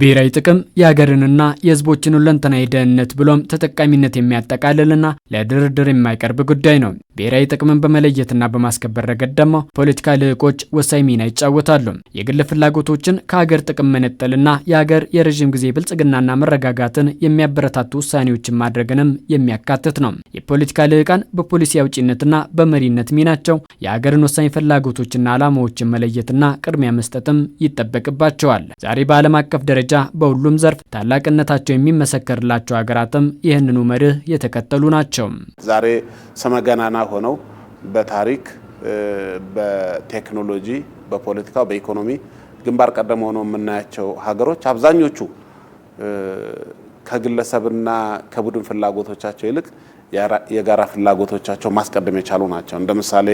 ብሔራዊ ጥቅም የሀገርንና የህዝቦችን ሁለንተናዊ ደህንነት ብሎም ተጠቃሚነት የሚያጠቃልልና ለድርድር የማይቀርብ ጉዳይ ነው። ብሔራዊ ጥቅምን በመለየትና በማስከበር ረገድ ደግሞ ፖለቲካ ልዕቆች ወሳኝ ሚና ይጫወታሉ። የግል ፍላጎቶችን ከሀገር ጥቅም መነጠልና የሀገር የረዥም ጊዜ ብልጽግናና መረጋጋትን የሚያበረታቱ ውሳኔዎችን ማድረግንም የሚያካትት ነው። የፖለቲካ ልዕቃን በፖሊሲ አውጪነትና በመሪነት ሚናቸው የሀገርን ወሳኝ ፍላጎቶችና ዓላማዎችን መለየትና ቅድሚያ መስጠትም ይጠበቅባቸዋል። ዛሬ በዓለም አቀፍ ደረጃ ደረጃ በሁሉም ዘርፍ ታላቅነታቸው የሚመሰከርላቸው ሀገራትም ይህንኑ መርህ የተከተሉ ናቸው። ዛሬ ሰመገናና ሆነው በታሪክ በቴክኖሎጂ፣ በፖለቲካው፣ በኢኮኖሚ ግንባር ቀደም ሆነው የምናያቸው ሀገሮች አብዛኞቹ ከግለሰብና ከቡድን ፍላጎቶቻቸው ይልቅ የጋራ ፍላጎቶቻቸው ማስቀደም የቻሉ ናቸው። እንደ ምሳሌ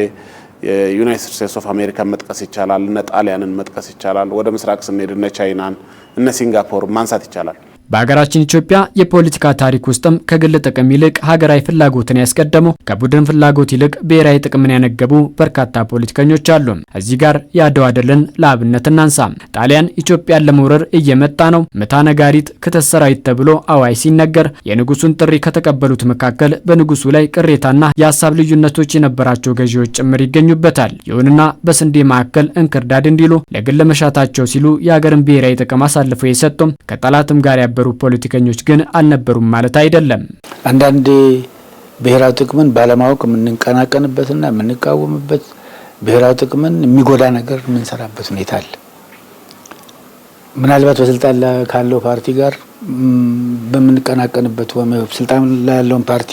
የዩናይትድ ስቴትስ ኦፍ አሜሪካን መጥቀስ ይቻላል። እነ ጣሊያንን መጥቀስ ይቻላል። ወደ ምስራቅ ስንሄድ እነ ቻይናን፣ እነ ሲንጋፖር ማንሳት ይቻላል። በሀገራችን ኢትዮጵያ የፖለቲካ ታሪክ ውስጥም ከግል ጥቅም ይልቅ ሀገራዊ ፍላጎትን ያስቀደሙ ከቡድን ፍላጎት ይልቅ ብሔራዊ ጥቅምን ያነገቡ በርካታ ፖለቲከኞች አሉ። እዚህ ጋር የአድዋ ድልን ለአብነት እናንሳ። ጣሊያን ኢትዮጵያን ለመውረር እየመጣ ነው፣ ምታ ነጋሪት ክተት ሰራዊት ተብሎ አዋይ ሲነገር የንጉሱን ጥሪ ከተቀበሉት መካከል በንጉሱ ላይ ቅሬታና የሀሳብ ልዩነቶች የነበራቸው ገዢዎች ጭምር ይገኙበታል። ይሁንና በስንዴ መካከል እንክርዳድ እንዲሉ ለግል መሻታቸው ሲሉ የሀገርን ብሔራዊ ጥቅም አሳልፈው የሰጡም ከጠላትም ጋር የነበሩ ፖለቲከኞች ግን አልነበሩም ማለት አይደለም። አንዳንዴ ብሔራዊ ጥቅምን ባለማወቅ የምንቀናቀንበትና የምንቃወምበት ብሔራዊ ጥቅምን የሚጎዳ ነገር የምንሰራበት ሁኔታ አለ። ምናልባት በስልጣን ላይ ካለው ፓርቲ ጋር በምንቀናቀንበት ስልጣን ላይ ያለውን ፓርቲ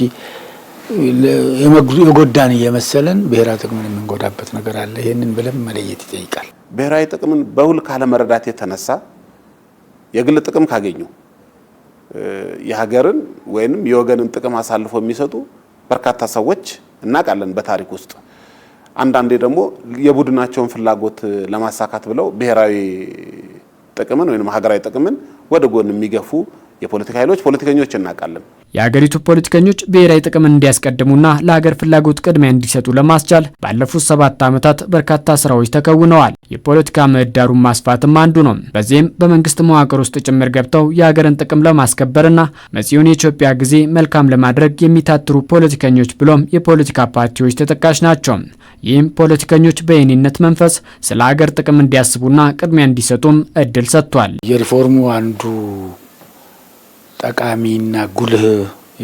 የጎዳን እየመሰለን ብሔራዊ ጥቅምን የምንጎዳበት ነገር አለ። ይህንን ብለን መለየት ይጠይቃል። ብሔራዊ ጥቅምን በውል ካለመረዳት የተነሳ የግል ጥቅም ካገኙ የሀገርን ወይንም የወገንን ጥቅም አሳልፎ የሚሰጡ በርካታ ሰዎች እናውቃለን በታሪክ ውስጥ። አንዳንዴ ደግሞ የቡድናቸውን ፍላጎት ለማሳካት ብለው ብሔራዊ ጥቅምን ወይም ሀገራዊ ጥቅምን ወደ ጎን የሚገፉ የፖለቲካ ኃይሎች ፖለቲከኞች እናውቃለን። የሀገሪቱ ፖለቲከኞች ብሔራዊ ጥቅም እንዲያስቀድሙና ለሀገር ፍላጎት ቅድሚያ እንዲሰጡ ለማስቻል ባለፉት ሰባት ዓመታት በርካታ ስራዎች ተከውነዋል። የፖለቲካ ምህዳሩን ማስፋትም አንዱ ነው። በዚህም በመንግስት መዋቅር ውስጥ ጭምር ገብተው የሀገርን ጥቅም ለማስከበርና መጪውን የኢትዮጵያ ጊዜ መልካም ለማድረግ የሚታትሩ ፖለቲከኞች ብሎም የፖለቲካ ፓርቲዎች ተጠቃሽ ናቸው። ይህም ፖለቲከኞች በየኔነት መንፈስ ስለ ሀገር ጥቅም እንዲያስቡና ቅድሚያ እንዲሰጡም እድል ሰጥቷል። የሪፎርሙ አንዱ ጠቃሚና ጉልህ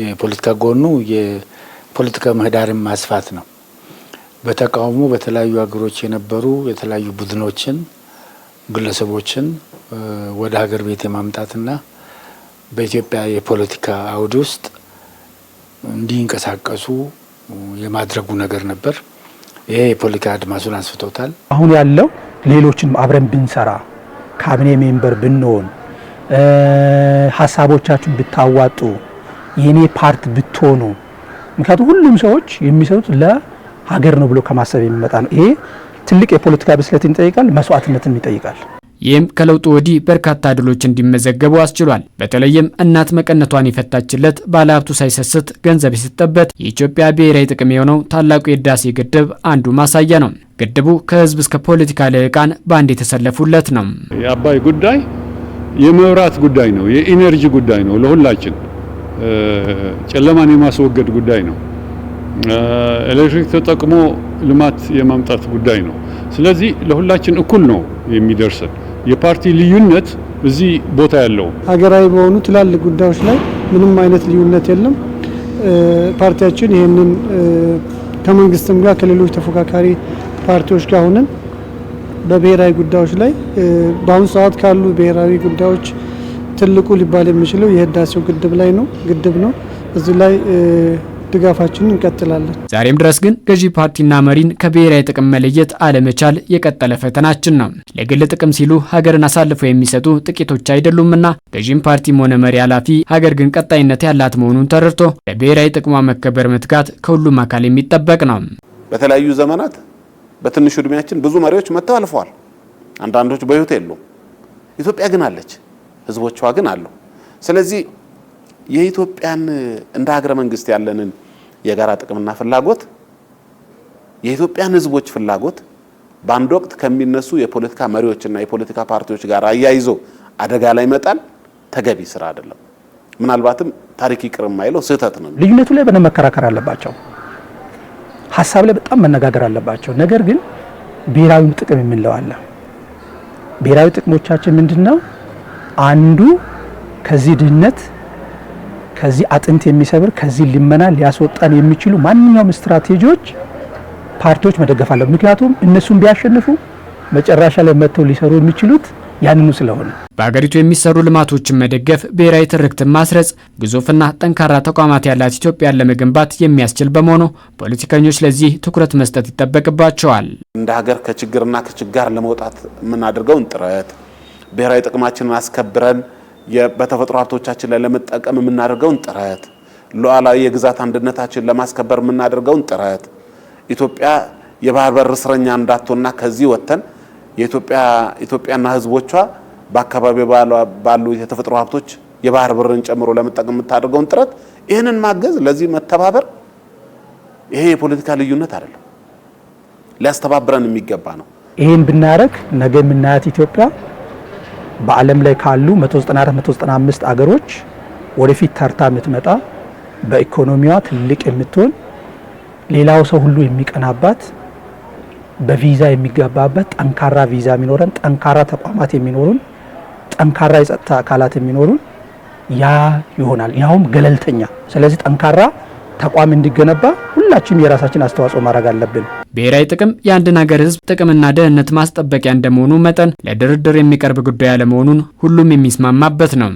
የፖለቲካ ጎኑ የፖለቲካ ምህዳርን ማስፋት ነው። በተቃውሞ በተለያዩ ሀገሮች የነበሩ የተለያዩ ቡድኖችን፣ ግለሰቦችን ወደ ሀገር ቤት የማምጣትና በኢትዮጵያ የፖለቲካ አውድ ውስጥ እንዲንቀሳቀሱ የማድረጉ ነገር ነበር። ይሄ የፖለቲካ አድማሱን አንስቶታል። አሁን ያለው ሌሎችን አብረን ብንሰራ ካቢኔ ሜምበር ብንሆን ሀሳቦቻችሁን ብታዋጡ የእኔ ፓርት ብትሆኑ። ምክንያቱም ሁሉም ሰዎች የሚሰሩት ለሀገር ነው ብሎ ከማሰብ የሚመጣ ነው። ይሄ ትልቅ የፖለቲካ ብስለትን ይጠይቃል፣ መስዋዕትነትን ይጠይቃል። ይህም ከለውጡ ወዲህ በርካታ ድሎች እንዲመዘገቡ አስችሏል። በተለይም እናት መቀነቷን የፈታችለት ባለሀብቱ ሳይሰስት ገንዘብ የሰጠበት የኢትዮጵያ ብሔራዊ ጥቅም የሆነው ታላቁ የህዳሴ ግድብ አንዱ ማሳያ ነው። ግድቡ ከህዝብ እስከ ፖለቲካ ልሂቃን በአንድ የተሰለፉለት ነው። የአባይ ጉዳይ የመብራት ጉዳይ ነው። የኢነርጂ ጉዳይ ነው። ለሁላችን ጨለማን የማስወገድ ጉዳይ ነው። ኤሌክትሪክ ተጠቅሞ ልማት የማምጣት ጉዳይ ነው። ስለዚህ ለሁላችን እኩል ነው የሚደርሰን። የፓርቲ ልዩነት እዚህ ቦታ ያለው ሀገራዊ በሆኑ ትላልቅ ጉዳዮች ላይ ምንም አይነት ልዩነት የለም። ፓርቲያችን ይህንን ከመንግስትም ጋር ከሌሎች ተፎካካሪ ፓርቲዎች ጋር ሆነን በብሔራዊ ጉዳዮች ላይ በአሁኑ ሰዓት ካሉ ብሔራዊ ጉዳዮች ትልቁ ሊባል የሚችለው የህዳሴው ግድብ ላይ ነው ግድብ ነው። እዚህ ላይ ድጋፋችንን እንቀጥላለን። ዛሬም ድረስ ግን ገዢ ፓርቲና መሪን ከብሔራዊ ጥቅም መለየት አለመቻል የቀጠለ ፈተናችን ነው። ለግል ጥቅም ሲሉ ሀገርን አሳልፈው የሚሰጡ ጥቂቶች አይደሉምና ገዢም ፓርቲም ሆነ መሪ ኃላፊ ሀገር ግን ቀጣይነት ያላት መሆኑን ተረድቶ ለብሔራዊ ጥቅሟ መከበር መትጋት ከሁሉም አካል የሚጠበቅ ነው። በተለያዩ ዘመናት በትንሹ እድሜያችን ብዙ መሪዎች መጥተው አልፈዋል። አንዳንዶች በህይወት የሉም። ኢትዮጵያ ግን አለች፣ ህዝቦቿ ግን አሉ። ስለዚህ የኢትዮጵያን እንደ ሀገረ መንግስት ያለንን የጋራ ጥቅምና ፍላጎት የኢትዮጵያን ህዝቦች ፍላጎት በአንድ ወቅት ከሚነሱ የፖለቲካ መሪዎችና የፖለቲካ ፓርቲዎች ጋር አያይዞ አደጋ ላይ መጣል ተገቢ ስራ አይደለም። ምናልባትም ታሪክ ይቅር የማይለው ስህተት ነው። ልዩነቱ ላይ በደንብ መከራከር አለባቸው። ሀሳብ ላይ በጣም መነጋገር አለባቸው። ነገር ግን ብሔራዊ ጥቅም የምንለው አለ። ብሔራዊ ጥቅሞቻችን ምንድን ነው? አንዱ ከዚህ ድህነት ከዚህ አጥንት የሚሰብር ከዚህ ልመና ሊያስወጣን የሚችሉ ማንኛውም ስትራቴጂዎች ፓርቲዎች መደገፍ አለ። ምክንያቱም እነሱን ቢያሸንፉ መጨረሻ ላይ መጥተው ሊሰሩ የሚችሉት ያንኑ ስለሆነ በሀገሪቱ የሚሰሩ ልማቶችን መደገፍ፣ ብሔራዊ ትርክትን ማስረጽ ግዙፍና ጠንካራ ተቋማት ያላት ኢትዮጵያን ለመገንባት የሚያስችል በመሆኑ ፖለቲከኞች ለዚህ ትኩረት መስጠት ይጠበቅባቸዋል። እንደ ሀገር ከችግርና ከችጋር ለመውጣት የምናደርገውን ጥረት ብሔራዊ ጥቅማችንን አስከብረን በተፈጥሮ ሀብቶቻችን ላይ ለመጠቀም የምናደርገውን ጥረት ሉዓላዊ የግዛት አንድነታችን ለማስከበር የምናደርገውን ጥረት ኢትዮጵያ የባህር በር እስረኛ እንዳትሆንና ከዚህ ወጥተን ኢትዮጵያና ህዝቦቿ በአካባቢው ባሉ የተፈጥሮ ሀብቶች የባህር ብርን ጨምሮ ለመጠቀም የምታደርገውን ጥረት ይህንን ማገዝ፣ ለዚህ መተባበር፣ ይሄ የፖለቲካ ልዩነት አይደለም፣ ሊያስተባብረን የሚገባ ነው። ይህን ብናደረግ ነገ የምናያት ኢትዮጵያ በዓለም ላይ ካሉ 194 195 አገሮች ወደፊት ተርታ የምትመጣ በኢኮኖሚዋ ትልቅ የምትሆን ሌላው ሰው ሁሉ የሚቀናባት በቪዛ የሚገባበት ጠንካራ ቪዛ የሚኖረን፣ ጠንካራ ተቋማት የሚኖሩን፣ ጠንካራ የጸጥታ አካላት የሚኖሩን ያ ይሆናል። ያውም ገለልተኛ። ስለዚህ ጠንካራ ተቋም እንዲገነባ ሁላችንም የራሳችን አስተዋጽኦ ማድረግ አለብን። ብሔራዊ ጥቅም የአንድን ሀገር ሕዝብ ጥቅምና ደህንነት ማስጠበቂያ እንደመሆኑ መጠን ለድርድር የሚቀርብ ጉዳይ አለመሆኑን ሁሉም የሚስማማበት ነው።